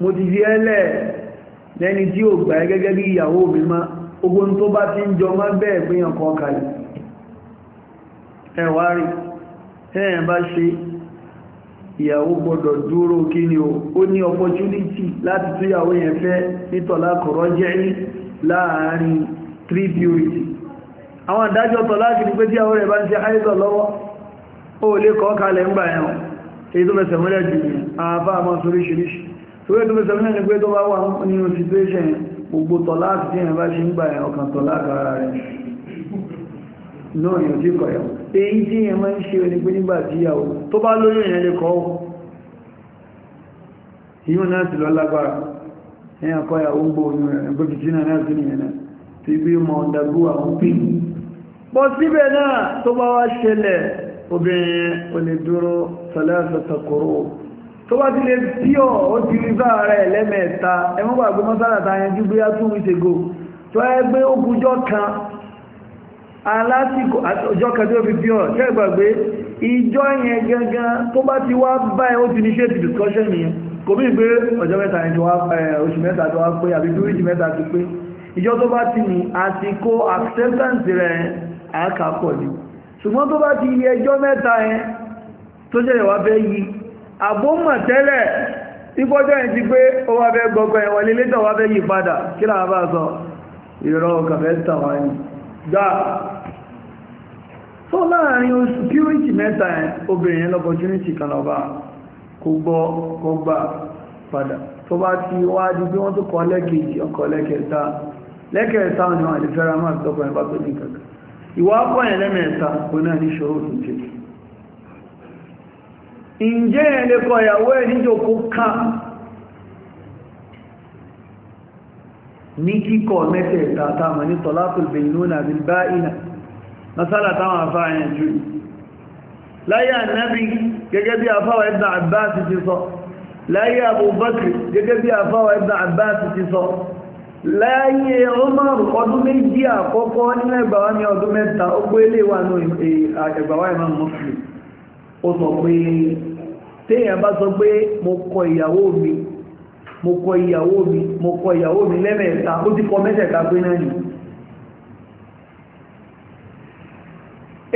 mo ti fi ẹlẹ́ lẹ́ni tí ò gbà ẹ́ gẹ́gẹ́ bí ìyàwó mi má ogun tó bá ti ń jọ má bẹ́ẹ̀ pé yàn kọ́ kalẹ̀ ẹ̀wà rí ẹ̀yìn bá ṣe ìyàwó gbọdọ̀ dúró kí ni o ó ní opportunity láti ìyàwó yẹn fẹ́ nítọ̀lá kọ̀rọ̀ jẹ́ ní láàárín three purity àwọn àdájọ́ tọ̀ láti pé tí bá ń ṣe lọ́wọ́ ó lè kọ́ torí ẹ̀dùn mẹ́sàn náà ni tó bá wà nínú situation gbogbo tọ́láàtì tí ẹ̀rẹ̀ bá ṣe ń gbà ẹ̀ ọkàn tọ́láàtì ara rẹ̀ náà yóò tí kọ̀ yàwó èyí tí ẹ̀ máa ń ṣe ẹni pé nígbà tí yàwó tó bá lóyún tó bá ti lè tí ọ̀ ó ti rí bá ara ẹ̀ lẹ́mẹ̀ẹ́ta ẹmọ́ wà gbé mọ́sálàtà yanjú bí á tún wíṣe go tó ẹ gbé ogúnjọ́ kan alásìkò ọjọ́ kan tí ó fi bí ọ̀ tẹ́ gbàgbé ìjọ yẹn gangan tó bá ti wá báyìí ó ti ní ṣéètì discussion yẹn kò bí gbé ọjọ́ mẹ́ta yẹn oṣù mẹ́ta tó wá pé àbí bíríjì mẹ́ta ti pé ìjọ tó bá ti ní àsìkò acceptance rẹ̀ àkàpọ̀ ni ṣùgbọ́n tó bá ti yẹ ẹjọ́ mẹ́ta yẹn tó jẹ́ ìwà bẹ́ yìí àbómọ̀ tẹ́lẹ̀ ìgbọ́jọ́ ẹ̀ ti pé ó wá fẹ́ gbọ́gbọ́ leta lè létọ̀ wá fẹ́ yí padà kí láà bá sọ ìrọ̀ kàfẹ́ tàwà ní gbà tó láàrin oṣù purity mẹ́ta ẹ̀ obìnrin lọ́pọ̀tunity kan lọ́ba kò gbọ́ kò gbà padà tó bá ti wá di bí wọ́n tó kọ́ lẹ́kẹ̀ẹ́jì ọkọ̀ lẹ́kẹ̀ẹ́ta lẹ́kẹ̀ẹ́ta ni wọ́n àti máa bá tó ǹjẹ́ ẹ̀lẹ́ kọ ìyàwó ẹ̀ níjòkó ká ní kíkọ mẹ́tẹ̀ẹ̀ta táàmà ní tọ́lápùl bẹ̀yìnúnà bí bá ìnà masala táwọn afáàyàn jù láyé ànábì gẹ́gẹ́ bí afáwà ẹ̀dà àbáàsì ti sọ láyé abubakar gẹ́gẹ́ bí afáwà ẹ̀dà àbáàsì ti sọ láyé Umar ọdún méjì àkọ́kọ́ nílẹ̀ ìgbàwá ní ọdún mẹ́ta ó gbé ilé wà ní ìmọ̀ mọ́fìlì ó sọ pé téèyàn bá sọ pé mo kọ ìyàwó mi mo kọ ìyàwó mi mo kọ ìyàwó mi lẹ́mẹ̀ẹ́ta ó ti kọ mẹ́tẹ̀ẹ̀ta pé náà nì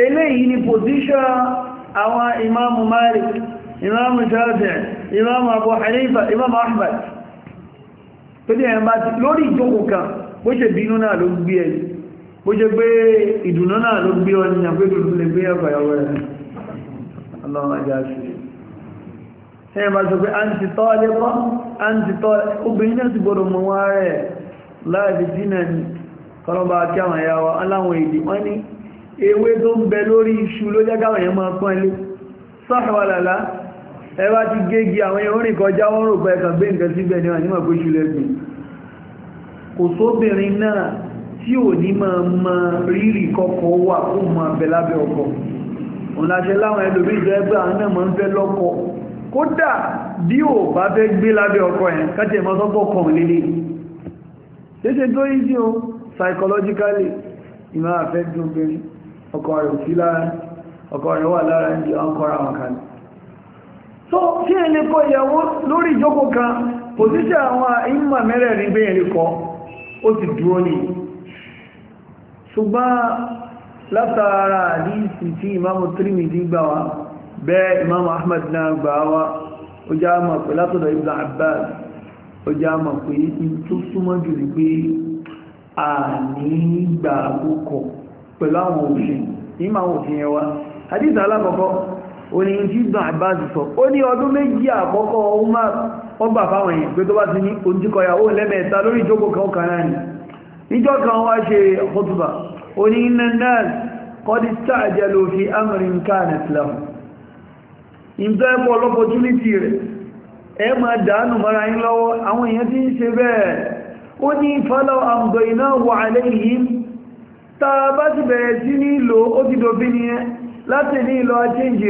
eléyìí ni position àwọn ìmáàmù Malik ìmáàmù Shafi'i ìmáàmù Abu Hanifa ìmáàmù Ahmed. tó ní ẹ̀yàn bá ti lórí ìjókòó kan bó ṣe bínú náà ló gbé ẹ̀ bó ṣe gbé ìdùnnú náà ló gbé ọ ní àpéjò lè gbé ẹ̀kọ̀ ìyàwó rẹ̀ Allah ajá sí ṣe ma sọ pé a ń ti tọ́ lẹ́kọ́ a ń ti tọ́ obìnrin náà ti gbọdọ̀ mọ̀ wọ́n rẹ̀ láàbí dínà ní kọlọ́bà kí àwọn ẹ̀yà wa aláwọn èdè wọ́n ní ewé tó ń bẹ lórí iṣu ló jẹ́ káwọn èèyàn máa pọ́n ilé sọ́ọ̀wàlàlá ẹ bá ti gégi kódà bí ò bá fẹ́ gbé lábẹ́ ọkọ ẹ̀ káti ẹ̀mọ́ sọ́pọ̀ kan lélé ṣeéṣe tó yí sí o psychologically ìmá àfẹ́ dùn obìnrin ọkọ rẹ̀ sí lára ọkọ rẹ̀ wà lára ní ọkọ̀ra wọn kan so tí ẹ lè kọ ìyàwó lórí ìjókòó kan pòsíṣẹ́ àwọn ìmọ̀ mẹ́rẹ̀ẹ̀rin bẹ́yẹn lè kọ ó sì dúró ní ṣùgbọ́n látara àdíìsì tí ìmáàmù Tirmidhi gbà wá bẹ́ẹ̀ imam ahmad náà gbà wá ó já mọ̀ pé látọ̀dọ̀ ibn abbas ó já mọ̀ pé in tó a ní gbà púpọ̀ pẹ̀lú àwọn òfin níma àwọn òfin yẹn wá hadith alákọ̀ọ́kọ́ ó ní tí ibn abbas sọ ó ní ọdún méjì àkọ́kọ́ ó ní ìjẹ́ ẹ̀pọ̀ lọ́pọ̀túnítì rẹ̀ ẹ máa dánù mara yín lọ́wọ́ àwọn èèyàn tí ń ṣe bẹ́ẹ̀ ó ní fọ́lọ́ àmdọ̀ iná wà lẹ́yìn ta bá ti bẹ̀rẹ̀ sí ní ìlò ó ti dòbí ni ẹ láti ní ìlò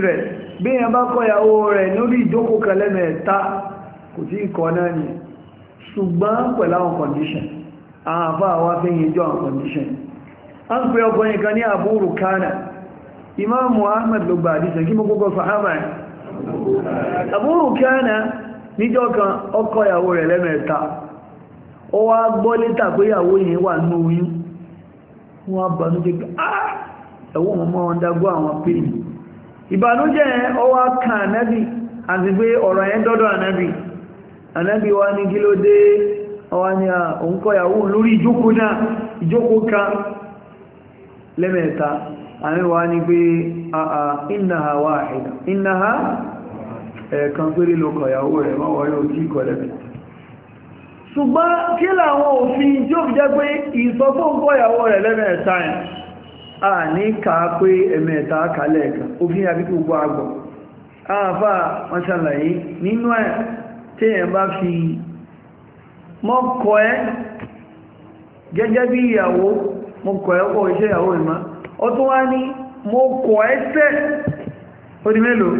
rẹ̀ bí bá kọyàwó rẹ̀ lórí ìjókòó a àbúrò kíánà níjọ́ kan ọkọ ìyàwó rẹ̀ lẹ́mẹ̀ẹ́ta ó wá gbọ́ létà pé ìyàwó yìí wà ní oyún wọ́n ah! ẹ̀wọ́n mọ́ àwọn ìbànújẹ́ wá kan àti pé ọ̀rọ̀ dọ́dọ̀ wá ní ọwá ní àríwá ní pé a a wáhìdà ìnáha ẹ̀ẹ̀kan péré ló kọ̀ ìyàwó rẹ̀ máa wọ́n yóò tí kọ̀ lẹ́bẹ̀ ṣùgbọ́n kí làwọn òfin tí ó fi jẹ́ pé ìsọfóǹkọ̀ ìyàwó rẹ̀ lẹ́mẹ̀ẹ́ta ẹ̀ à ní ká pé a kalẹ̀ ẹ̀kan òfin àbí gbogbo àgbọ̀ àfà wọ́n ṣàlàyé nínú ẹ̀ fi ó wá ní mo kọ̀ ẹ́sẹ̀ ó di mélòó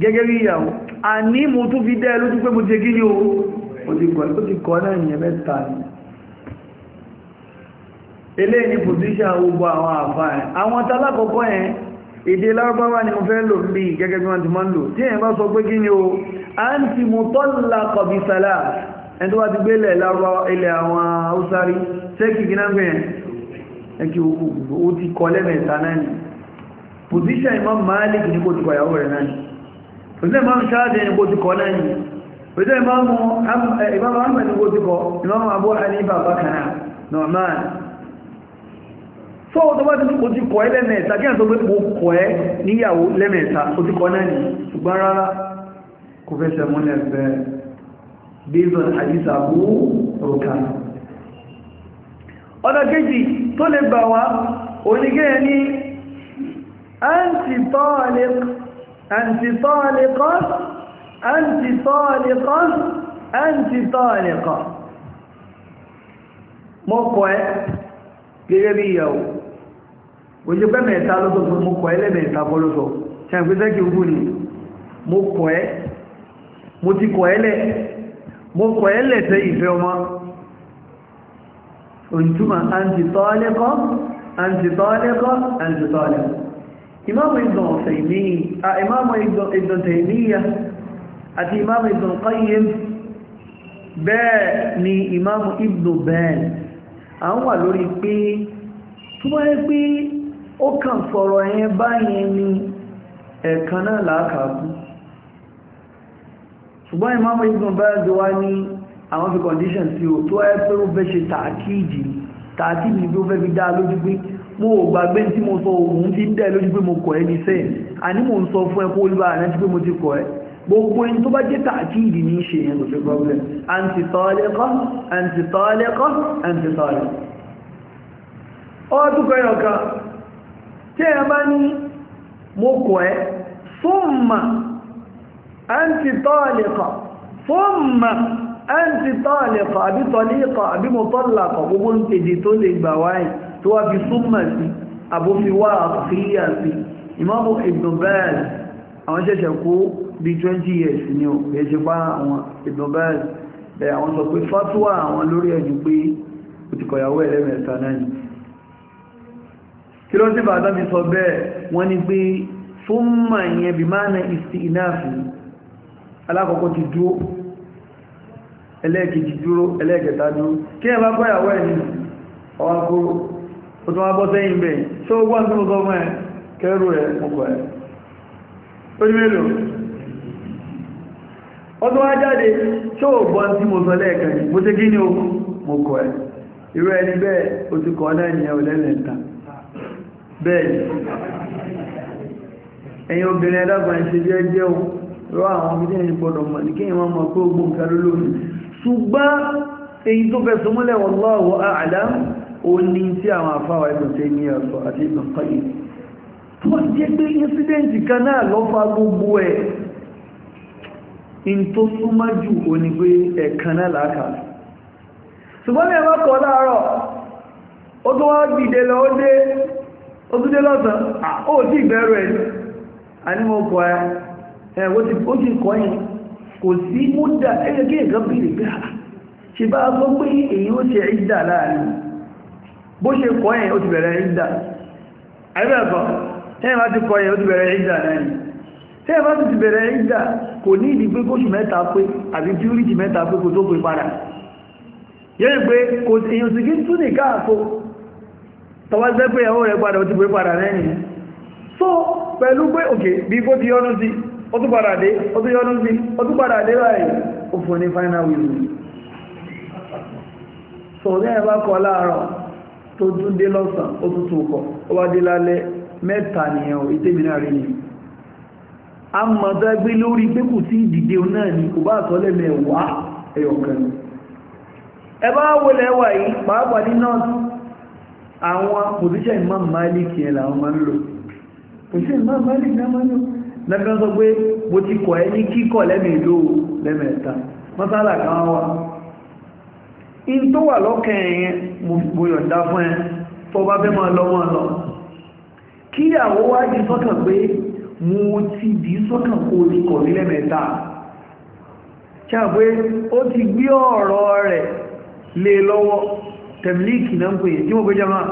gẹ́gẹ́ bí ìyàwó àní mo tún fi dẹ́ lójú pé mo ti kí ni o ó ti kọ́ náà ìyẹn mẹ́ta ni ilé ní pòsíṣà gbogbo àwọn àfáà ẹ̀ àwọn talákọ̀ọ́kọ́ ẹ̀ èdè lárúbáwá ni mo fẹ́ lò bí gẹ́gẹ́ bí wọ́n ti máa ń lò tí èyàn bá sọ pé kí ni o a ń ti ẹkí owó gbogbo ó ti kọ lẹ́mẹ̀ta náà ni pòsíṣà Imam Malik ní kò ti kọ ìyàwó rẹ̀ náà ni pòsíṣà Imam Shafi'i ní kò ti kọ náà ni pòsíṣà eh, Imam Ahmad ní kò ti kọ Imam Abu Hanifa bákan náà norman fọ́wọ́ tó bá ti kò ti kọ ẹ́ kí àtọ́ pé kọ ẹ́ níyàwó ti kọ náà ni ṣùgbọ́n rárá ọ̀nà kejì tó lè gbà wá onígẹ́ ní antitọ́ọ̀lẹ́kọ́ antitọ́ọ̀lẹ́kọ́ antitọ́ọ̀lẹ́kọ́ mọ́kọ̀ ẹ́ gẹ́gẹ́ bí ìyàwó ojú pẹ́ mẹ́ta ló tó fún mọ́kọ̀ ẹ́ lẹ́mẹ́ta kọ́ ló sọ ṣàǹfẹ́sẹ́ kí ogún ni mọ́kọ̀ ẹ́ mo ti kọ̀ ẹ́lẹ̀ mo kọ̀ ẹ́lẹ̀ tẹ́ ìfẹ́ ọmọ òjúmọ̀ àǹtìtọ́ọ́lẹ́kọ́ a àǹtìtọ́ọ́lẹ́kọ́ imamu ibn taymiya àti imamu ibn qayyim bẹ́ẹ̀ ni imamu ibn bẹ́ẹ̀ a lórí pé túnmọ́ yẹ pé ó kàn fọ̀rọ̀ yẹn báyẹn ni ẹ̀kan náà láàkàkú ṣùgbọ́n imamu ibn bẹ́ẹ̀ wá ní àwọn fi condition sí o tó ẹ́ pé ó fẹ́ ṣe tààkìdì tààkìdì tó fẹ́ fi dá lójú pé mo ò gbàgbé tí mo sọ òun fi ń dẹ̀ lójú pé mo kọ̀ ẹ́ ní sẹ́yìn àní mo ń sọ fún ẹ kó olúwa rẹ̀ ti pé mo ti kọ̀ ẹ́ gbogbo ẹni tó bá jẹ́ tààkìdì ní ṣe yẹn kò sí problem antitọ́lẹ́kọ́ antitọ́lẹ́kọ́ antitọ́lẹ́ ọdún kọyọ̀ká tí ẹ bá ní mo kọ̀ ẹ́ fún mà antitọ́lẹ́kọ́ fún mà ẹ̀ǹtì tọ́ọ̀lẹ̀kọ̀ àbí tọ́lẹ̀kọ̀ àbí mo tọ́lẹ̀kọ̀ gbogbo ń tèdè tó lè gbà wáyé tó wá fi súnmọ̀ sí àbófiwá àfíyà sí ìmọ́mù ìdùnbẹ́ẹ̀lì 20 years ni ó ẹ̀ṣẹ̀ pa àwọn ìdùnbẹ́ẹ̀lì àwọn sọ pé fatuwa àwọn lórí ẹ̀jú pé ó ti kọ̀yàwó ẹlẹ́mẹ̀ta náà ni kí ló sì bàtà alákọ̀ọ́kọ́ ti dúró ẹlẹ́ẹ̀kejì dúró ẹlẹ́ẹ̀kẹta dúró kí ẹ bá gbọ́yàwó ẹ̀ nínú ọwá kúrò ó tún wá bọ́ sẹ́yìn bẹ́ẹ̀ ṣó gbọ́n tó sọ kẹrù ẹ̀ ó ní mélòó ó tún wá jáde gbọ́n tí mo sọ mo ṣe kí ni ẹ̀ irú ẹni bẹ́ẹ̀ ti kọ́ náà nìyẹn bẹ́ẹ̀ obìnrin ṣùgbọ́n èyí tó fẹ́sùn múlẹ̀ ala a'lam ó tí àwọn afáwà ibùn tẹ́ ní ọ̀sọ̀ àti ibùn tó jẹ́ pé incidenti kan náà lọ fa gbogbo ẹ̀ in tó súnmọ́ jù ó ẹ̀kan náà láàkà ṣùgbọ́n kò sí múdà ẹgbẹ́ ìgbà bèèrè pé à ah, ṣe bá sọ pé èyí ó ṣe ìdà láàrin bó ṣe kọ́ ẹ̀ ó ti bẹ̀rẹ̀ ìdà ẹgbẹ́ẹ̀kọ́ tẹ́yìn bá ti bẹ̀rẹ̀ ìdà kò ní ìdí pé kóṣù mẹ́ta pé àbí mẹ́ta pé kò tó padà so pẹ̀lú pé òkè bí kó ti ó padà dé ó ó fún ní final wheel so ní ẹ̀bá kọ láàárọ̀ tó tún dé lọ́sàn ó tún tún kọ ó wá dé mẹ́ta nìyàn ni a mọ̀ tó ẹgbẹ́ lórí pé kò sí ìdìde náà ni kò bá àtọ́lẹ̀ mẹ́wàá ẹ̀yọ̀kan ní àwọn lẹ́fẹ́ sọ pé mo ti kọ̀ ẹ́ ní kíkọ̀ lẹ́mẹ̀ẹ́lò lẹ́mẹ̀ẹ́ta mọ́sálà kan wà in tó wà lọ́kàn ẹ̀yẹn mo yọ̀ǹda fún ẹ tó bá fẹ́ máa lọ máa lọ kí àwọ́ wá di sọ́kàn pé mo ti di sọ́kàn kó ti kọ̀ ní lẹ́mẹ̀ẹ́ta ṣàpé ó ti gbé ọ̀rọ̀ rẹ̀ lé lọ́wọ́ tẹ̀mílíkì náà ń pè tí mo gbé jẹ́ máa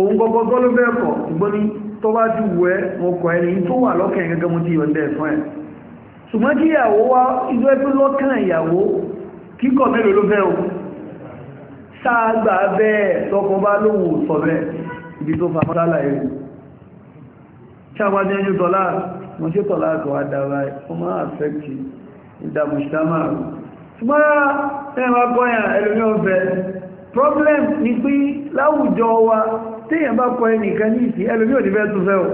òun gbogbo gọ́lùbẹ́ẹ̀kọ̀ ìgbóní tó bá jù wẹ́ mo kọ̀ ẹni tó wà lọ́kàn gẹ́gẹ́ mo ti yọ̀ndẹ̀ fún ẹ̀ ṣùgbọ́n kí ìyàwó wá ìjọ ẹgbẹ́ lọ́kàn ìyàwó kíkọ̀ mélòó ló fẹ́ o sáàgbà bẹ́ẹ̀ lọ́kọ̀ bá lóhùn sọ bẹ́ẹ̀ ibi tó fa mọ́lá ẹ̀rù ṣàgbàjẹ́ ẹjọ́ tọ́lá mo ṣe tọ́lá àtọ̀ àdàrà ọmọ àfẹ́kì ìdàmùsílámà ṣùgbọ́n ẹ̀rọ akọ́yàn ẹlòmí ọ̀fẹ́ problem ni pé láwùjọ wa téèyàn bá kọ ẹnìkan ní ìsìn ẹlòmí ò ní tún fẹ́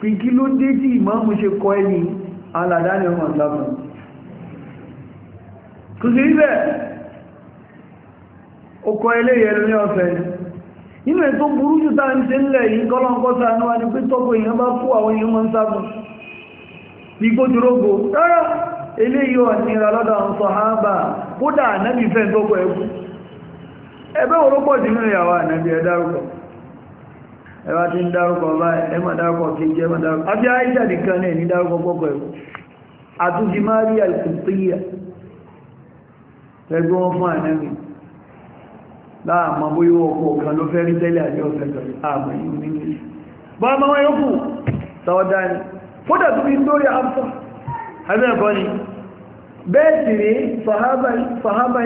fi kí ló dé tí ṣe kọ ẹni alàdáni ọmọ ìlàmù tó sì rí bẹ́ẹ̀ ó kọ eléyẹ lórí ọ̀fẹ́ nínú ètò burú jù táà ń ṣe ń lẹ̀ yìí kọ́lọ́nkọ́ta ní ní pé èèyàn bá fún àwọn èèyàn kódà ànábì fẹ́ tọ́gbọ́ ẹkú ẹgbẹ́ orópọ̀ sí mẹ́rin àwọn ànábì ẹ dárúkọ ẹwà tí ń dárúkọ báyìí ẹ má dárúkọ kejì ẹ má dárúkọ àbí àìsà nìkan náà ní dárúkọ pọ́pọ̀ ẹkú àtúnjì mari alkùtíyà ẹgbẹ́ wọn fún ànábì láàmà bóyá ọkọ̀ kan ló fẹ́ rí tẹ́lẹ̀ àbí ọ̀fẹ́ bẹ́ẹ̀ sì rí fàhábà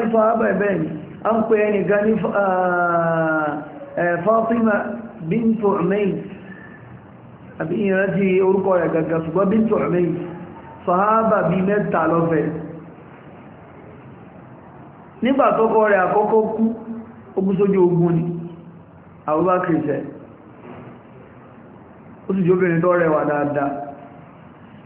ìfàhábà bẹ́ẹ̀ ni a ń pè ẹni gan ah, eh, Fatima bintu Umayr àbí ìrántí orúkọ rẹ̀ gàgà ṣùgbọ́n bintu Umayr fàhábà bíi mẹ́ta lọ́fẹ̀ẹ́ nígbà tọ́kọ rẹ̀ àkọ́kọ́ kú ogun sójú ogun ni Abubakar ṣe ó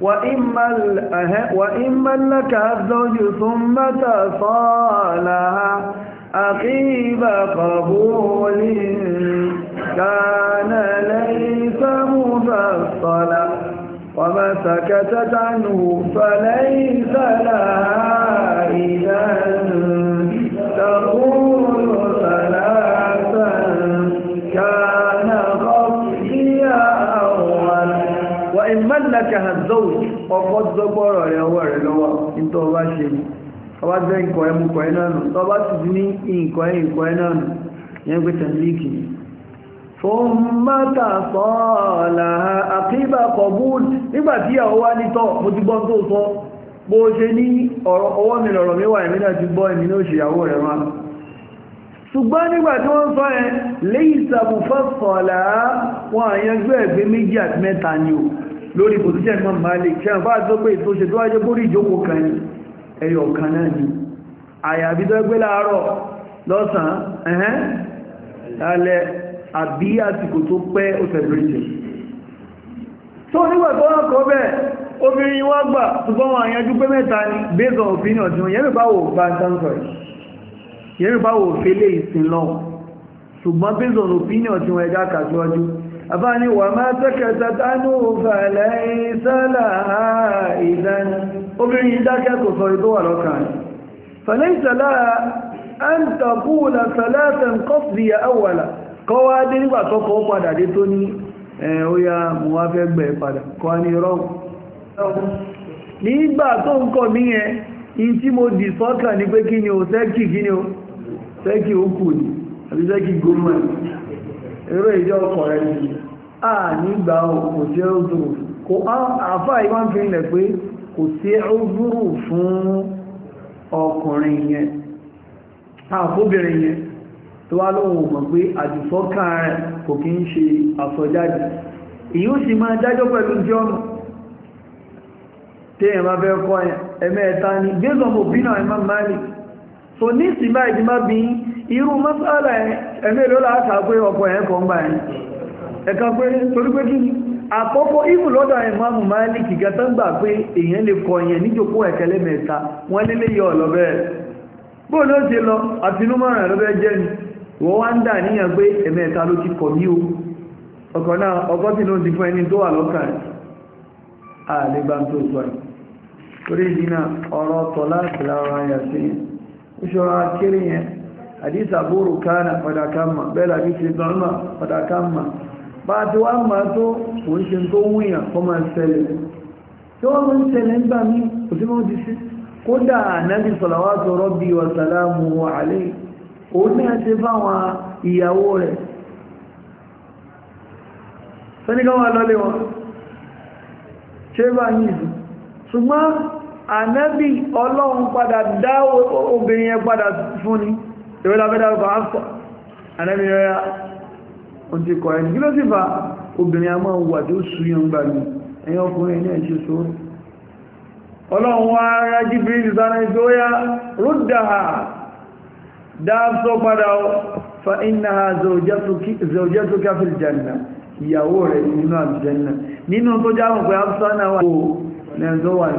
وإما, وإما لك الزوج ثم تصالها أقيب قبول كان ليس مفصلا وما سكتت عنه فليس لها إذا mọ́láka hazọ́wù ọkọ̀ dọ́gbọ́rọ̀ rẹ̀ ọwọ́ rẹ̀ lọ́wọ́ nítorí ọba ṣe ni ọba jẹ́ nǹkan ẹ̀ mú kọ́ ẹ̀ náà nù tọ́ba sì ti ní nǹkan ẹ̀ nǹkan yẹn gbé tẹ̀líkì ni. fòmátà sọ́ọ̀là àkíbà kọ̀bùn nígbà tí ìyàwó ní ọwọ́ mi ṣùgbọ́n nígbà tí wọ́n sọ ẹ lẹ́yìn ìsàbùfẹ́ wọn àyẹgbẹ́ ẹ̀gbẹ́ méjì àti mẹ́ta ni o lórí position Imam Malik kí àwọn bá tó pé tó ṣe tó wájé bórí ìjókòó kan ní ẹyọ kan náà ni àyàbí tó gbé láàárọ̀ lọ́sàn ẹ̀hẹ́n alẹ́ àbí àsìkò tó pẹ́ ó sẹ̀bìrìtì tó nígbà tó wọ́n kọ́ bẹ́ẹ̀ obìnrin wọ́n gbà ṣùgbọ́n wọn àyànjú pé mẹ́ta ni based on opinion tí wọ́n yẹ́rù bá wò bá أباني وما سكتت عنه فليس لها إذن أبعي ذاك تصيد ولكان فليس لها أن تقول ثلاثا قصدي أولا قوادي وتقوى قد عدتني ويا موافق بإفادة قواني رو nígbà tó ń kọ mí ẹ in tí mo dì sọ́kà ní pé kí ni o sẹ́kì kí ni o sẹ́kì ó kù ní àbí sẹ́kì gómìnà eré ìjọ ọkọ̀ rẹ̀ a nígbà kò sí ọ́dúró kò àfà ìwọ́n fi ń lẹ̀ pé kò sí fún ọkùnrin yẹn àfóbìnrin yẹn tó wá lóhun mọ̀ pé àdìfọ́kàn rẹ̀ kò kí ń ṣe àsọjáde èyí ó sì máa dájọ́ pẹ̀lú tí fẹ́ kọ́ ẹ̀mẹ́ẹ̀ta ni gbé so ní ìsìnbá ìdímá bí irú mọ́sálà ẹ̀mẹ́ ló láàtà pé ọ̀pọ̀ ẹ̀kọ́ ń bá pé torí pé kí àkọ́kọ́ ìmù lọ́dọ̀ Ìmáàmù Málíkì gata gbà pé èèyàn lè kọ yẹn níjòkó ẹ̀kẹ́lẹ́ mẹ́ta wọ́n lélé yọ ọ̀lọ́bẹ̀ bó ló lọ ni náà ọ̀rọ̀ ìṣọ́ra kiri yẹn àdísì àbúrò kánà padàkánmà bẹ́ẹ̀lá bí ti dánmà padàkánmà bá ti wá máa tó òun ṣe tó wúyàn kọ́ máa ṣẹlẹ̀ tí wọ́n máa ń ṣẹlẹ̀ ń gbà mí kò sí mọ́ ti sí kódà ànábì sọ̀làwátò rọ́bì wàsàlámù àlẹ́ òun náà ṣe fáwọn ìyàwó rẹ̀ sẹ́ni káwọn lọ́lé wọn ṣé bá yìí ṣùgbọ́n ànábì ọlọ́run padà dá obìnrin yẹn padà fún ni ìwé lábẹ́dá ọkọ̀ rẹ̀ o ti kọ̀ ẹni kí ló sì fa obìnrin a máa wà tí ó súyàn gbà ní ẹ̀yìn ọkùnrin ní ẹ̀ṣẹ́ só ọlọ́run ara dá janna ìyàwó rẹ̀ nínú nínú tó jáwọn pé wà ní ẹ̀zọ́ wà ní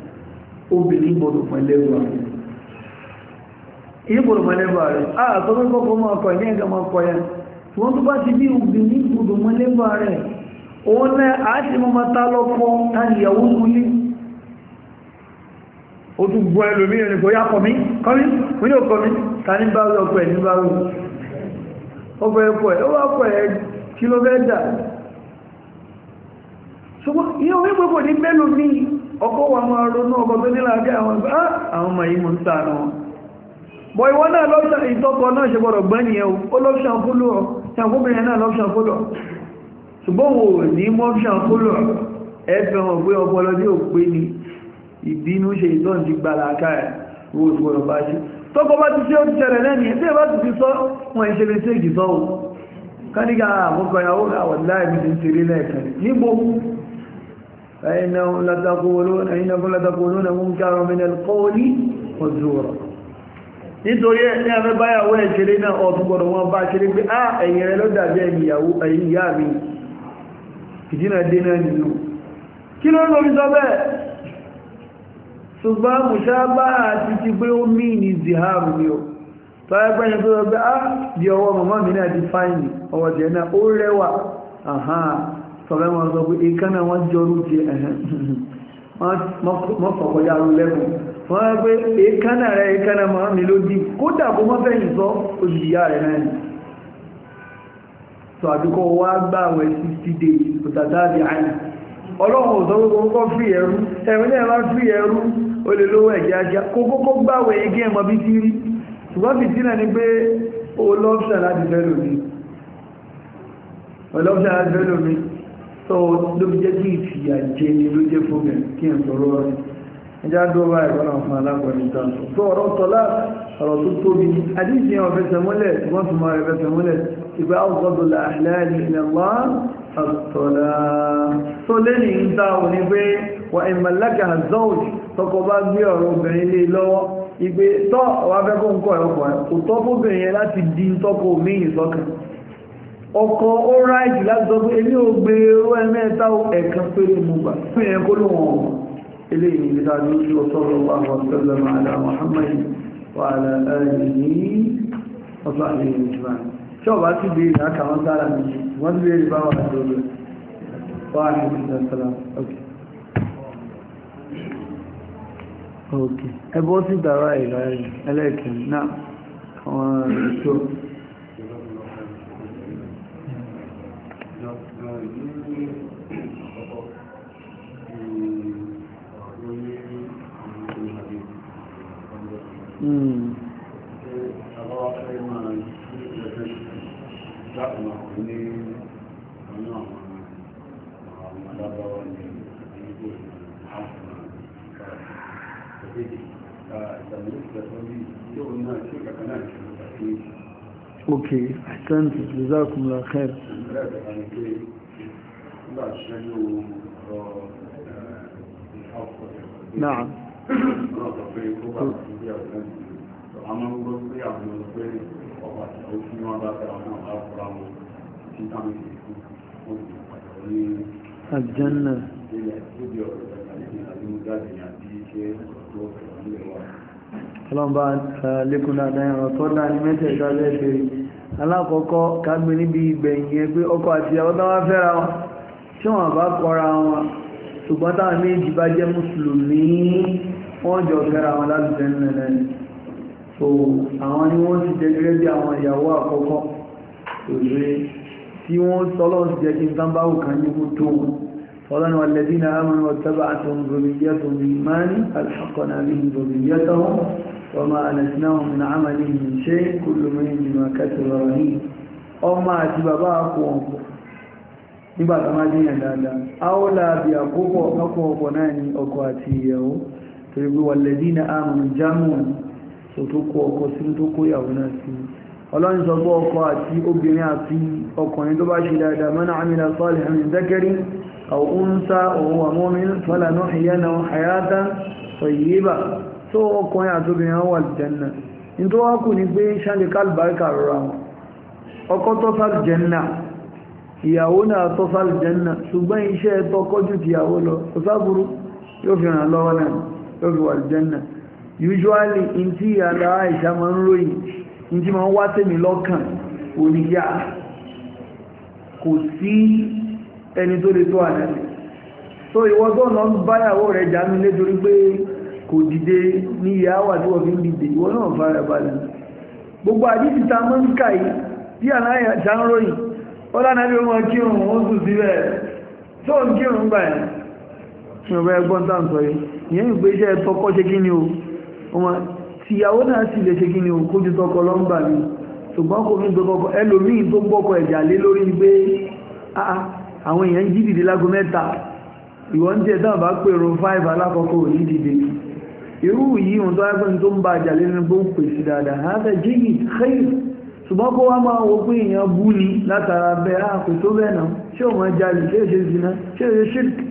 obìnrin gbọdọ̀ pẹ̀lẹ́rù rẹ̀ ìgbọdọ̀ pẹ̀lẹ́rù rẹ̀ àtọ́gbẹ́ kọ́kọ́ máa kọ̀ ní ẹ̀gá máa kọ̀ yẹn wọ́n tó bá ti bí obìnrin gbọdọ̀ pẹ̀lẹ́rù rẹ̀ òun náà á ti mọ́ máa tá lọ́kọ́ táyì ìyàwó múlé ó tún ní kò ní ọkọ̀ wà máa ronú ọkọ̀ tó nílà àgẹ́ àwọn ìgbà ah, àwọn ọmọ yìí mọ̀ ń sàánà wọn bọ̀ ìwọ náà lọ́pṣàn ìtọ́kọ̀ náà ṣe gbọ́dọ̀ gbẹ́nìyàn ó lọ́pṣàn fúlọ̀ ṣàkóbìnrin náà lọ́pṣàn fúlọ̀ ṣùgbọ́n wò ní mọ́pṣàn fúlọ̀ ẹ̀fẹ́ wọn pé ọpọlọ ní òpé ni ìbínú ṣe ìtọ́n ti gbà làákàrẹ̀ wo ìgbọ̀rọ̀ bá ṣe tọ́kọ bá ti ṣe ó ti ṣẹlẹ̀ lẹ́ni ẹ̀fẹ́ bá ti ti sọ wọn ìṣe lè ṣe ìgbìsọ́wọ́ káníkà àkọ́kọ́ ah, ìyàwó àwọ̀dá ah, ìbí ti ń ṣeré lẹ́ẹ̀kan فإنهم لتقولون إنكم لتقولون منكرا من القول والزور nítorí ẹ̀ ní afẹ́ báyàwó ẹ̀ ṣeré náà ọ̀tún gbọ́dọ̀ wọn bá ṣeré pé á ah, ẹ̀yìn rẹ ló dàbí ẹ̀yìn ìyàwó ẹ̀yìn ìyá mi ìdínà dé náà nínú kí ló lórí sọ bẹ́ẹ̀ ṣùgbọ́n mùsáàbá àti ti pé ó mí ní ziharu tọ̀rẹ́ wọn sọ pé ìkánná wọn jọrú ti ẹ̀hẹ́n mọ́kànlá lẹ́kùn wọ́n rẹ̀ pé èékánná rẹ̀ èékánná máa mi ló dí kódà kó mọ́ fẹ́yìn sọ òṣìyà rẹ̀ náà tó àdúkọ́ wá gbàwẹ̀ 60 days òtàtàbí àyà ọlọ́run ò sọ pé kókó fi ẹ̀rú ẹ̀rú náà bá fi ẹ̀rú ó lè lówó ẹ̀jẹ̀ ajá kókó tó ló fi jẹ́ kí ìfìyà jẹ ni ló jẹ́ fún mi kí n sọ̀rọ̀ rẹ̀ ẹjá dó bá ẹ̀kọ́ náà fún alákọ̀ọ́ni tán sọ tó ọ̀rọ̀ tọ́lá ọ̀rọ̀ tó tóbi ní àdíjì yẹn ọ̀fẹ́sẹ̀ múlẹ̀ wọ́n tún máa rẹ̀fẹ́sẹ̀ múlẹ̀ ìgbà ọ̀gọ́dọ̀ làhàlẹ́ ìlẹ̀lá àtọ̀lá tó lé ní ìta òní pé tọ́ ọ̀wá fẹ́ kó ń kọ̀ ẹ̀kọ́ ọkọ̀ ó ráìjì láti sọ pé ilé ògbé owó ẹ̀mẹ́ta ẹ̀kan péré mú gbà fún ẹ̀ kó lóhùn ilé ìrìnlẹ́ta ní oṣù ọ̀sọ́rọ̀ àwọn ọ̀sọ́rọ̀ àdá Muhammad wà ní ọ̀sọ́ àríyìn ìjìmá ṣọ́ọ̀bá ti bèèrè àkàwọn sára mi اوكي احسنت جزاكم الله خير نعم ọlọ́pàá pé ó bá ti bí àwọn ẹ̀sìn àmọ́ ń gbọ́ pé àwọn ọmọ pé ọba ìyàwó tí wọ́n bá tẹ̀ra náà bá fura wọn tí táwọn ìṣe dáadáa ẹ̀rọ tó dá ní mẹ́tẹ̀ ìdájọ́ ẹ̀ṣẹ̀ alákọ̀ọ́kọ́ kágbé níbi ìgbẹ̀yìn ẹ pé ọkọ àti ìyàwó táwọn fẹ́ra wọn tí wọn bá kọra wọn ṣùgbọ́n táwọn méjì bá jẹ́ mùsùlùmí wọ́n jọ kẹ́ra wọn láti jẹ́ nínú ẹ̀ so àwọn ni wọ́n ti jẹ́ gẹ́gẹ́ bí àwọn ìyàwó àkọ́kọ́ òṣèré tí wọ́n sọ́lọ́ ti jẹ́ kí n tán bá òkàn ní kú tó ọlọ́ni wọn lẹ́bí na amọ́ni wọn tẹ́bà wọ́n máa àlẹ́sìnà ohun ní àmàlẹ́ yìí ṣe àkókò ọkọ̀ ọkọ̀ náà ní ọkọ̀ àti ìyàwó torí pé walladhina amanu jámùn tó tó kó ọkọ sínú tó kó ìyàwó náà sí ọlọ́run sọ pé ọkọ àti obìnrin àti ọkùnrin tó bá ṣe dáadáa man amila salihan min dhakarin aw unsa wa huwa ìyàwó náà tó fà jẹ́nà ṣùgbọ́n iṣẹ́ tọkọ ju tìyàwó lọ kò yóò fi ràn lọ́wọ́ náà lórí wà usually in tí àlá àìṣà ma ń ròyìn in tí ma ń wá lọ́kàn oníyà kò sí ẹni tó lè tó so ìwọ gọ́ọ̀nà báyàwó rẹ̀ jámi nítorí pé kò dìde ní ìyá wà tí wọ́n fi ń dìde náà fara balẹ̀ gbogbo ta mọ́ ń kàí tí àlá àìṣà ń ròyìn ó lánàá bí wọ́n kírun ó sùn síbẹ̀ tó ń kírun ní ọba ẹgbọ́n tàn sọ yìí ìyẹn ìgbé iṣẹ́ tọkọ ṣe kí ni o ọmọ tìyàwó náà sì lè ṣe kí ni o kó ju tọkọ lọ́ngbà mi ṣùgbọ́n kò ní gbọ́kọ ẹlòmíì tó gbọ́kọ ẹ̀jà lé lórí ni pé àwọn èèyàn jí dìde lágo mẹ́ta ìwọ́n tiẹ̀ tán bá pè ro five alákọ̀ọ́kọ́ ò ní dìde irú yìí wọn tó wáyé tó ń ba àjà lé nínú gbóhùn pèsè dáadáa àbẹ̀ jíyì xeyì ṣùgbọ́n kó wá máa wo pé èèyàn bú ni látara bẹ́ẹ̀ àpètó bẹ́ẹ̀ náà ṣé òun jalè ṣé èṣe zina ṣé èṣe ṣírkì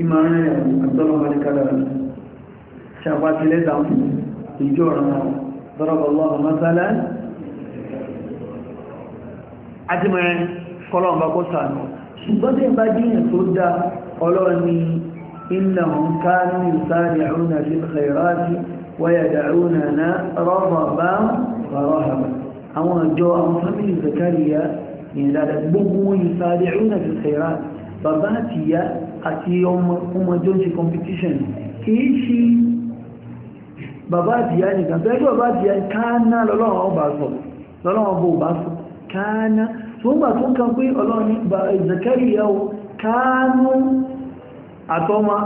ìmọ̀ràn rẹ̀ àtọ́lọ́mọ̀lẹ́kàdà إنهم كانوا يسارعون في الخيرات ويدعوننا رضبا ورهبا أولا جوا أمسامي زكريا يعني لا تبقوا يسارعون في الخيرات فباتي àti ọmọjọ́ ń ṣe competition kìí ṣe bàbá àdìyá nìkan tó ẹgbẹ́ bàbá àdìyá káánà lọ́lọ́run ọba sọ lọ́lọ́run ọba ọba sọ káánà tó ń gbà tó o káánú àtọ́mà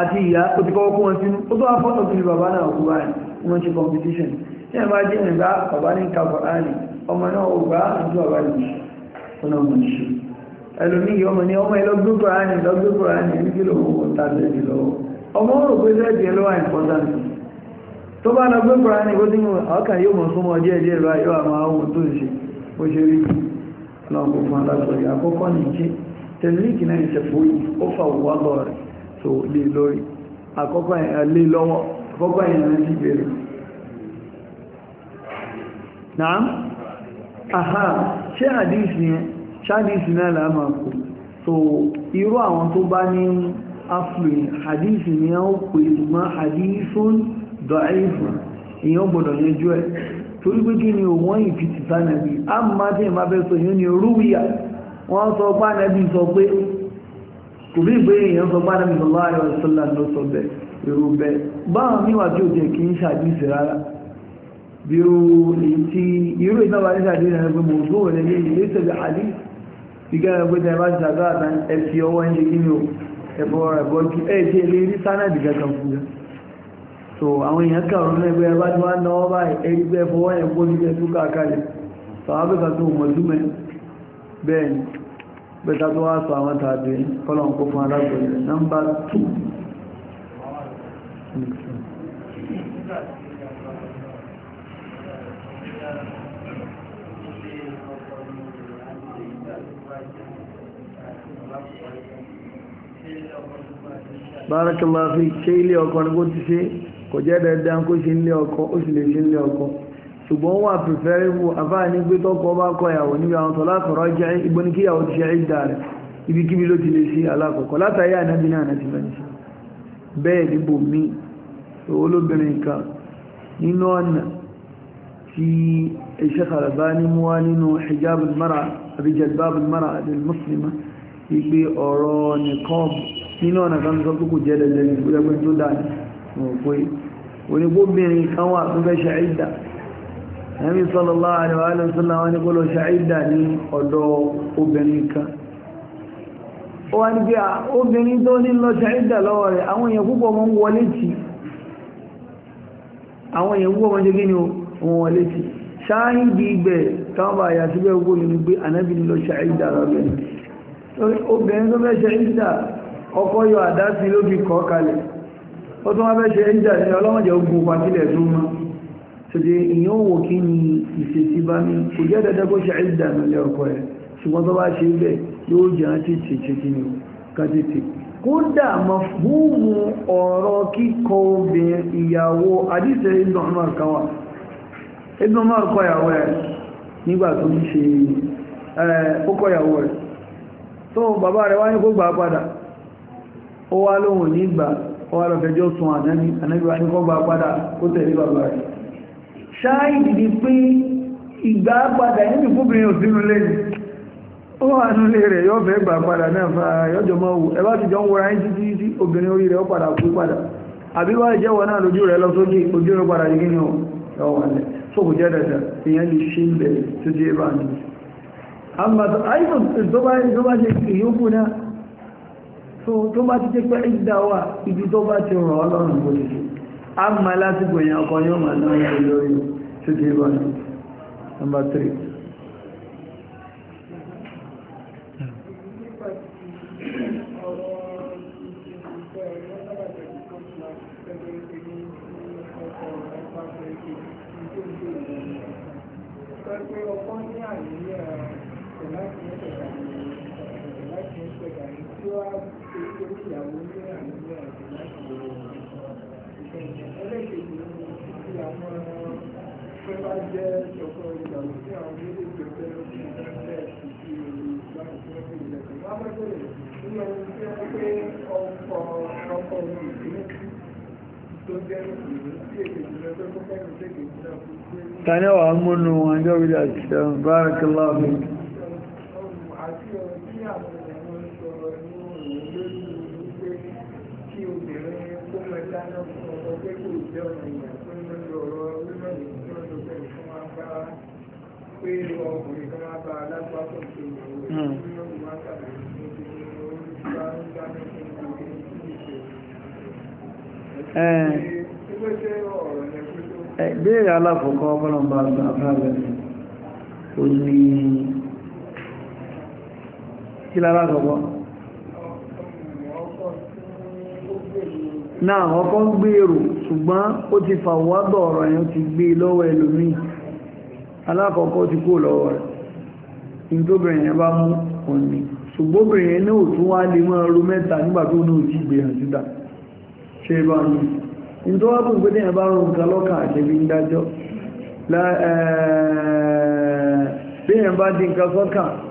àti ìyá ó ti kọ́kọ́ wọn sínú ó tó wá fọ́tọ̀ sí bàbá náà kú báyìí wọ́n ṣe competition tí ẹ̀ bá jẹ́ ìgbà bàbá ní kàkọ̀rání ọmọ náà ó gbà á àti bàbá yìí ọlọ́run ṣe ẹlòmí yọ ọmọ ní ọmọ ẹlọ́gbé kùránì lọ́gbé kùránì ní kí lòun tàbí ẹ̀dì lọ́wọ́ ọmọ rò pé sẹ́ẹ̀dì ẹlọ́wà important tó bá lọ́gbé kùránì ó dínwó ọkà yóò mọ̀ súnmọ́ díẹ̀ díẹ̀ bá yóò àmọ́ àwọn tó ṣe ṣe ṣáàdìsì náà là máa pè so irú àwọn tó bá ní aflin hadisi ni a ó pè ṣùgbọ́n hadisun da'ifun èèyàn gbọ́dọ̀ yẹjú ẹ̀ torí pé kí ni òwọ́n ìfìtì sánàbí a máa tí ìmá fẹ́ sọ yóò ní rúwíyà wọ́n sọ pé ànábì sọ pé kò bí ìgbé èèyàn sọ pé ànábì sallallahu alaihi wasallam ló sọ bẹ́ẹ̀ èrò bẹ́ẹ̀ báwọn níwà tí ó jẹ́ kí ń ṣàdíṣe rárá bí irú èyí tí irú ìtàbà ní ṣàdíṣe rẹ̀ pé mo gbóòrè ní ilé ìṣẹ̀lẹ̀ àdíṣe ìgẹ́rẹ̀ pé tẹ́ bá ti ṣàdúrà tán ẹ fi ọwọ́ ń ṣe kí ni o ẹ̀fọ́ ẹ̀fọ́ kí ẹ̀ ṣe lè rí sánàdì kankan fún yẹn so àwọn èèyàn kàrún náà ẹgbẹ́ bá ti wá náwó báyìí ẹ̀rí pé ẹ̀fọ́ ẹ̀ kó ní ẹ̀tú káàkiri sọ áfíríkà tó mọ̀ lúmẹ̀ bẹ́ẹ̀ ni bẹ́ta tó wá sọ àwọn tàbí kọ́lọ̀ ń kó fún alágbèrè bárakàlá fi ṣe ilé ọkọ ní kó ti ṣe kò jẹ́ dandan kó ṣe ilé ọkọ ó sì lè ṣe ilé ọkọ ṣùgbọ́n wà pẹ̀fẹ́rẹ́fù àfáàní pé tọ́kọ bá kọ ìyàwó níbi àwọn tọ́lá kọ̀rọ̀ jẹ́ ìgbóni kí ìyàwó ti ṣe ìdá rẹ̀ ibikíbi ló ti lè ṣe alákọ̀ọ́kọ́ látàrí ànábi náà àti fẹ́ǹsì bẹ́ẹ̀ níbo mi olóbìnrin kan nínú ọ̀nà tí Sheikh Al-Albani mú wá nínú hijab al-mar'a àbí jalbab al-mar'a lil-muslima wípé ọ̀rọ̀ nìkan nínú ọ̀nà kan sọ pé kò jẹ́ lẹ́lẹ́ ní ìgbẹ́gbẹ́ tó dà ní òpé onígbóbìnrin kan wà tó fẹ́ ṣàìdà ẹ̀mí sallallahu alaihi wasallam wọn ni kó lọ ṣàìdà ní ọ̀dọ̀ obìnrin kan ó wá ní pé obìnrin tó ní lọ ṣàìdà lọ́wọ́ rẹ̀ àwọn èèyàn púpọ̀ mọ́ ń torí obìnrin tó fẹ́ ṣe ìjà ọkọ yọ àdá sí ló fi kọ́ kalẹ̀ ó tún wá fẹ́ ṣe ìjà ní ọlọ́mọdé ogun pàtílẹ̀ tó mọ́ ṣèdè ìyàn wò kí ni ìṣètì bá ní kò jẹ́ dandan kó ṣe ìjà nílé ọkọ rẹ̀ ṣùgbọ́n tó bá ṣe bẹ́ẹ̀ yóò jẹ́ àti tètè kí ni ká tètè kódà mọ̀fúnmù ọ̀rọ̀ tóhun bàbá rẹ̀ wáyé ní kó gbà padà ó wá lóhun ní ìgbà ó wá lọ́fẹ́jọ́ sun ànábì ànábì ní gbà padà ó tẹ̀lé bàbá rẹ̀ ṣáìdìdì pé ìgbà padà yìí fúnbìnrin ò lẹ́yìn ó wà nílé rẹ̀ yóò fẹ́ gbà padà náà fa mọ́ wù ẹbá ti jọ ń wọra yín títí obìnrin orí rẹ̀ padà yìí lè àmà àìsàn tó bá ṣe ìyókù náà tó bá ti jẹ́ pé ìdá wà ibi tó bá ti rọ̀ ọlọ́run kò lè àmà lásìkò èèyàn ọkọ̀ yóò máa náà yẹ lórí tó ti rọ̀ náà number three Thank you. Tani wa múnu wọn yóò wílá ti ṣe bárakì ọ̀rọ̀ tí àwọn ìlànà sọ̀rọ̀ ní òun lórí wípé kí ní kí lára gọ̀gọ́ náà ọkọ̀ ń gbèrò ṣùgbọ́n ó ti fàwádọ̀ ọ̀rọ̀ ti gbé e lọ́wọ́ ẹlòmí alákọ̀ọ́kọ́ ti kó lọ́wọ́ rẹ̀ ní yẹn bá mú òní ṣùgbọ́bìnrin yẹn náà tún wá lè mọ́ mẹ́ta nígbà tó ti e ní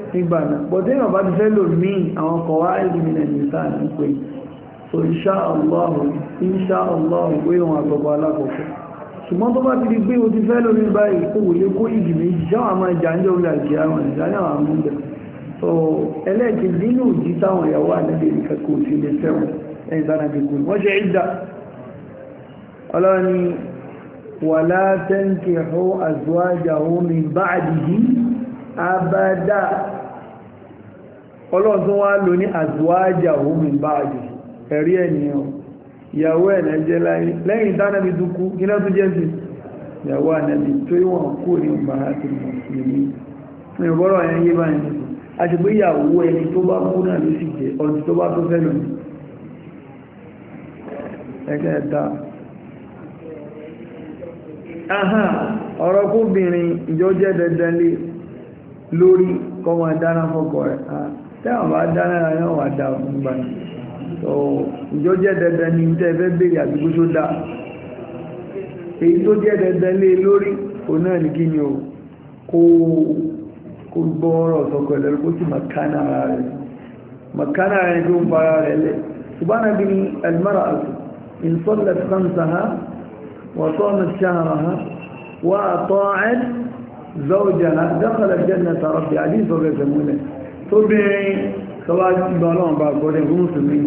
nígbà náà bọ̀dé ìwọ̀n bá ti fẹ́ lò ní àwọn kọ̀wá ìgbìmìnà nìta ní pé so insha Allah insha Allah pé wọn àgbọ̀gbọ̀ alákọ̀ọ́kọ́ ṣùgbọ́n tó bá ti di pé o ti fẹ́ lò ní báyìí kó wòye kó ìgì méjì jáwọn máa jà ń jẹ́ orí àjẹ́ àwọn ìjà ní àwọn amúgbẹ̀ ọlọ́run tó wá lò ní àdúwájà òun báàjì ẹ̀rí ènìyàn ìyàwó ẹ̀nà jẹ́ lẹ́yìn tánàbí tó kú kí náà tó jẹ́ sí ìyàwó ànàbí tó yíwọ̀n kú ní ìbáhátì mùsùlùmí ìrọ̀bọ̀rọ̀ ẹ̀yẹn yé báyìí a ti pé ìyàwó ẹni tó bá kú náà ló sì jẹ́ ọdún lórí kọmọ dáná rẹ̀ tẹ́wọ̀n bá dá náírà náà wà dá fún gbà ní tó ìjọ jẹ́ dẹ́dẹ́ ní tẹ́ fẹ́ béèrè àdúgbò tó dá èyí tó jẹ́ dẹ́dẹ́ lé lórí kò náà ní kí ni o kó gbọ́ ọ̀rọ̀ sọ́kọ̀ ẹ̀lẹ́rú kó sì màkánà rẹ̀ tó ń fara rẹ̀ lẹ̀ ṣùgbọ́n àbí ni àti ìsọ́lẹ̀ sáńsàá وصامت شهرها وأطاعت زوجها دخل الجنة ربي عليه صلى الله عليه وسلم tó bẹ́rin tọ́wá ti bá ọlọ́run bá gbọ́dẹ̀ fún mùsùlùmí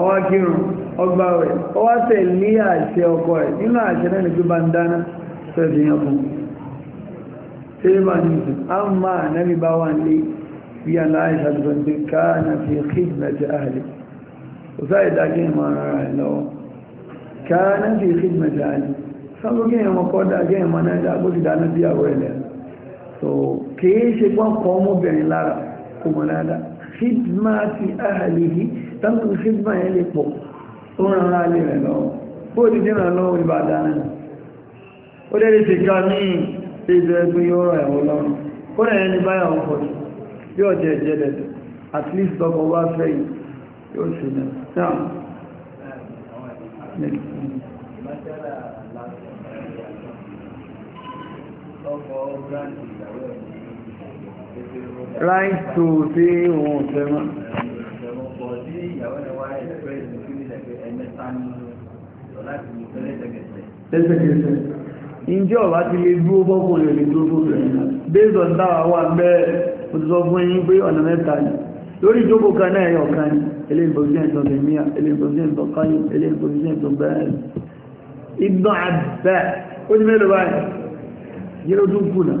ọwá kírun ọgbà rẹ̀ ọwá tẹ̀lé àṣẹ ọkọ rẹ̀ nínú àṣẹ náà ni pé bá ń dáná fẹ́ẹ̀fì yẹn fún tẹ́lẹ̀bà ní ìsìn a máa nẹ́bí bá wà ní bí i aláìsà tó ń pè káàna fi khidmati ahli so kìí ṣe pọ́n ọmọbìnrin lára kò mọ̀ dáadáa fídímà ti ahàlìhì tàbí fídímà yẹn lè pọ̀ tó ń rán alẹ́ rẹ̀ lọ́wọ́ bó ti dín ràn lọ́wọ́ ìbàdàn náà ó dẹ́ lè ṣe ká at least ọkọ̀ wá fẹ́ yìí yóò ṣe náà láìsí tó sí òun ọ̀fẹ́ mọ́ lẹ́sẹ̀kẹsẹ̀ ìjọ ọ̀bá ti lè dúró bọ́kùnrin lè dúró bọ́kùnrin based on dáwà wà bẹ́ẹ̀ o ti sọ fún yín pé ọ̀nà mẹ́ta ni lórí ìjókòó kan náà ẹ̀yọ̀ kan ní eléyìnbòsíyàn tó tèmíà eléyìnbòsíyàn tó káyọ̀ eléyìnbòsíyàn tó bẹ́ẹ̀ ìdán àbẹ́ ó ti mẹ́lẹ̀ báyìí yẹ́rọ tó kù náà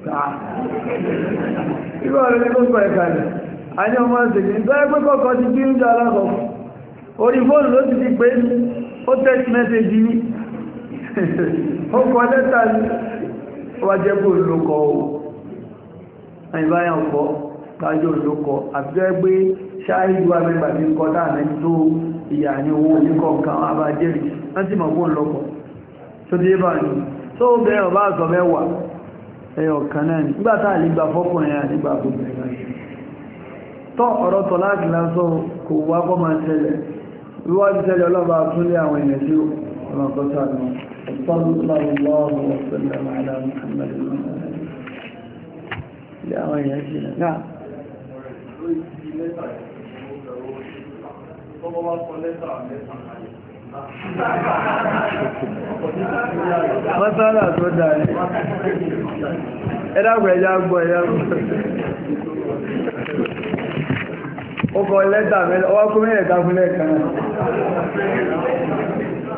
irú ah. ọ̀rẹ́ ní gbogbo ẹ̀kàlẹ̀ a ní ọmọ ìsìnkú ní tọ́ẹ́ pẹ́kọ́ kan ti bí oúnjẹ alákọ̀ orí fóònù ló ti ti kpe ó text message ní ó kọ lẹ́tà ní wájẹ́ bó olókọ o àyíbáyà ọkọ̀ gbájọ́ olókọ àbíjẹ́ pé ṣáájú amẹ́gbà bí kọ́ láàrin tó ìyà ní owó oníkọ̀ nǹkan abájẹ́rì láti mọ̀ fóònù lọ́kọ̀ tó dé bá ní tó bẹ́ẹ̀ ọba àtọ̀ mẹ́wàá ẹyọ kan náà ni nígbà tá à lè gbà fọ́kùnrin àti gbà fọ́kùnrin náà tọ́ ọ̀rọ̀ tọ̀ láti lásọ kò wá kọ́ máa tẹ́lẹ̀ wíwájú tẹ́lẹ̀ ọlọ́ba túnlé àwọn èèyàn tí ó ọlọ́kọ́ sáré wọn صلى الله وسلم على محمد لا يجينا نعم Tọ́bọ́ wá mọ́sálà tó dáre ẹ̀dàgbẹ̀ ẹ̀yà gbọ́ ẹ̀yà gbọ́ ó kọ lẹ́tà mẹ́lẹ̀ ọwá kó mẹ́lẹ̀ ká fún lẹ́ẹ̀kan náà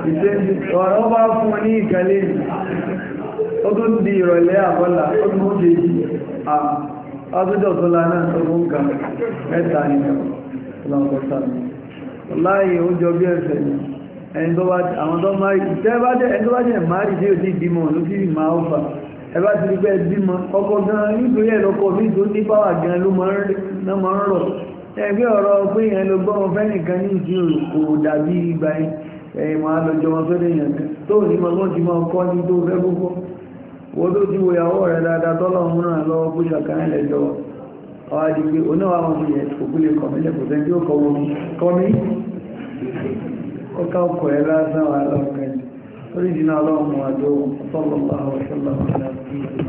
ìṣẹ́jú ọ̀rọ̀ bá fún ní ìkẹlẹ́ ó tún di ìrọ̀lẹ́ àbọ́là ó tún ó di àbájọ́ tó lánà tó fún kan mẹ́ta nìkan lọ́pọ̀ sáà láàyè ó bí ẹ̀sẹ̀ yìí ẹni tó bá àwọn tó máa ìtẹ́bájẹ́ ẹni tó bá jẹ́ márì tí ó ti bímọ ló fi máa ó fà ẹbá ti rí pé bímọ ọkọ gan nítorí ẹ̀lọ́kọ̀ mi tó ní báwà gan ló máa ń rọ̀ ẹgbẹ́ ọ̀rọ̀ pé yẹn ló gbọ́mọ fẹ́ nìkan ní ìdí òkò dàbí ìgbà ẹ̀yìn wọn lọ́jọ́ wọn fẹ́ lèèyàn kan tó ní mọ ti mọ mú ọkà ọkọ̀ ẹ̀ lásán wà lọ́kàn orí jìnnà ọlọ́run àjọ sallallahu alaihi wasallam